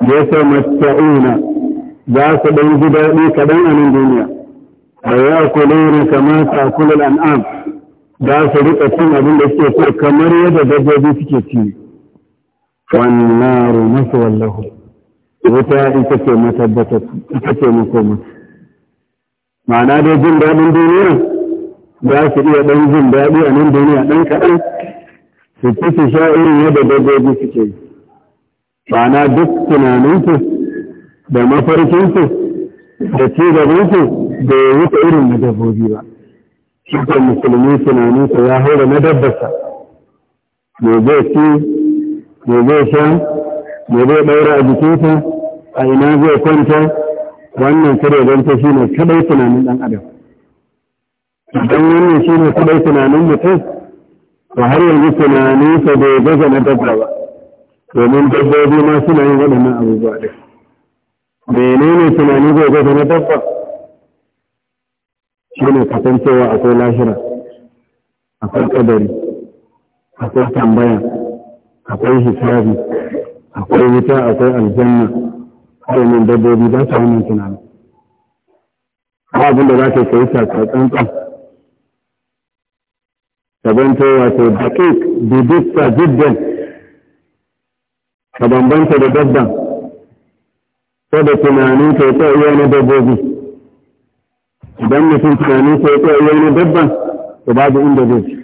da ya sai masta'una za su ɗan ji daɗi kaɗan a nan duniya a ya kula ne kamar sakulan an'am za su riƙa cin abin da suke so kamar yadda dabbobi suke ci wannan masu wallahu wuta ita ce matabbatar ita ce makoma ma'ana dai jin daɗin duniya za su iya ɗan daɗi a nan duniya ɗan kaɗan su su sha irin yadda dabbobi suke yi ma'ana duk tunaninsu da mafarkinsu da ci gabansu da ya wuce irin na dabbobi ba shi ko musulmi tunaninsu ya haura na dabbasa, me zai ci me zai sha me zai ɗaura a jikinsa a ina zai kwanta wannan kare ta shi ne kaɗai tunanin ɗan adam idan wannan shi ne kaɗai tunanin mutum ba har yanzu tunaninsa bai gaza na dabba ba domin dabbobi ma suna yin waɗannan abubuwa ɗin menene tunani zai gaba na dabba shi ne kasancewa akwai lahira akwai ƙadari, akwai tambaya akwai hisabi akwai wuta akwai aljanna domin dabbobi ba ta wannan tunani ba abin da za ka kai tsantsan kasancewa to daƙiƙ bibista jiddan ka bambanta da dabban da tunanin ka ya ta iya na dabbobi idan mutum tunanin ka ya ta iya na dabban to babu inda zai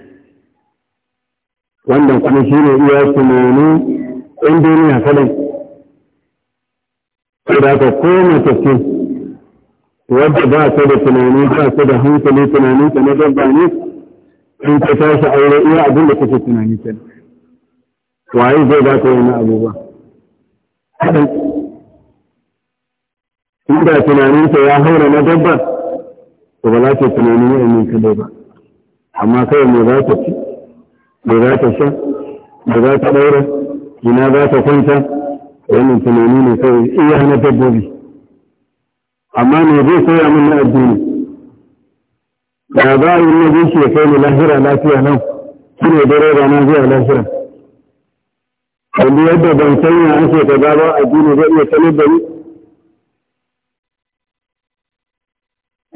wannan kuma shi ne iya tunanin ɗan duniya kadai da ka koma ce wadda ba ta da tunani ba ta da hankali tunanin ta na dabba ne in ka tashi aure iya abin da kake tunani kenan waye zai ba ta wani abu ba kaɗan inda tunaninsa ya haura na dabba to ba za ta tunanin ne kadai ba amma kawai me za ta ci me za ta sha me za ta ɗaura ina za ta kwanta wannan tunani ne kawai iya na dabbobi amma me zai koya min na addini da za a yi na zuciya kai mu lahira lafiya nan shi ne dare rana zuwa lahira wanda yadda ban sanya ake ta kaza ba addini zai iya sanar da ni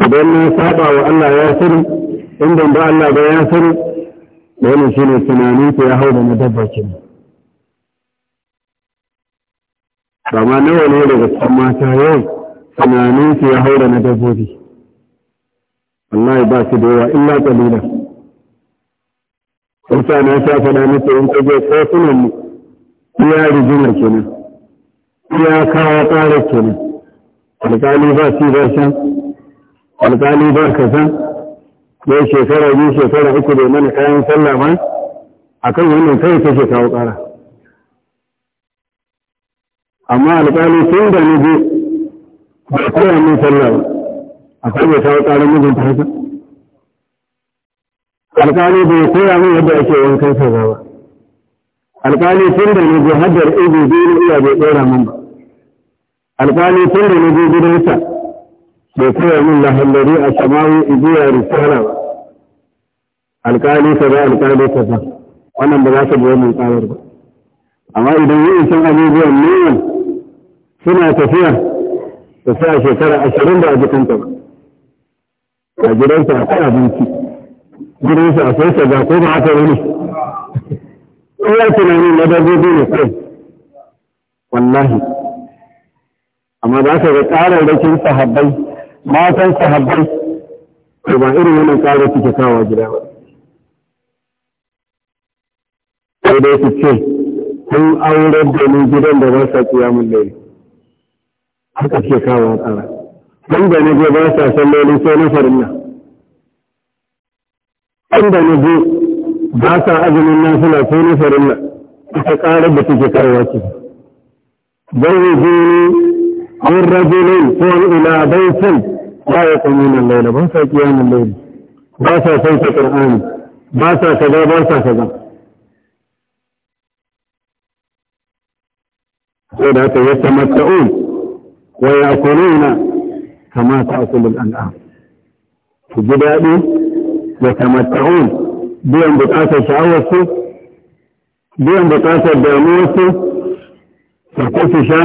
idan na saba wa Allah ya sani in ban ba Allah ba ya sani wannan shine tunani ko ya hau da na dabba kenan kama nawa ne daga cikin mata yau tunanin su ya hau da na dabbobi wallahi ba shi da yawa illa kalila Wata na sha faɗa musu in kaje kofunan mu iya rigimar kenan iya kawo tsara kenan alƙali ba su ba shan alƙali ba ka san ya shekara biyu shekara uku da mana kayan sallah ma a kan wannan kai ta ke kawo ƙara amma alƙali tun da ni bi ba koya min sallah ba a kan ya kawo tsara ƙarar mijinta haka alƙali bai koya min yadda ake wankan sallah ba alƙali tun da nazo hajjar ibi biyu na iya bai ɗora min ba alƙali tun da nazo gidansa bai koya min lahallari a samawi igiya risala ba alƙali kaza alƙali ba wannan ba za ka biya min ƙarar ba amma idan yi isan abubuwan neman suna tafiya da sa shekara ashirin da a ba a gidansa akwai abinci gidansa akwai kaza ko ba haka wani kowar tunani na dabbobi ne kai wallahi amma za ka ga ƙararrakin sahabbai matan sahabbai ko ba irin wannan ƙara suke kawo gida ba sai dai su ce kun aurar da ni gidan da ba sa tsiya mun laili haka ke kawo ƙara kun da na ba sa san sallolin sai na farin nan kun da na ba sa azumin nafila ko na na ita karar da suke karwa ce zawwaje an rajulin ko an ila baitin ba ya kanu nan laila ba sa nan laila ba sa sauke qur'ani ba sa kaza ba sa kaza sai da ta yasta matta'un wa ya'kuluna kamata a al-an'am su ji daɗi wa tamatta'un biyan bukatar sha'awarsu biyan bukatar damuwarsu da kusa sha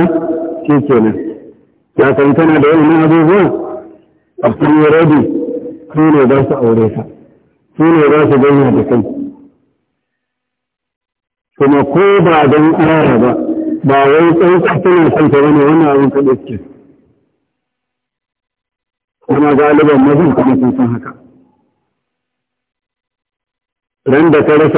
shi ke nan ya kan tana da wani abubuwa a kan yi rabi su ne za su aure ka su ne za su ganya da kai kuma ko ba don ƙara ba ba wai tsantsa suna son ta wani wannan abin kaɗe ɗauke kuma galiban mazan kuma sun san haka ran da ka rasa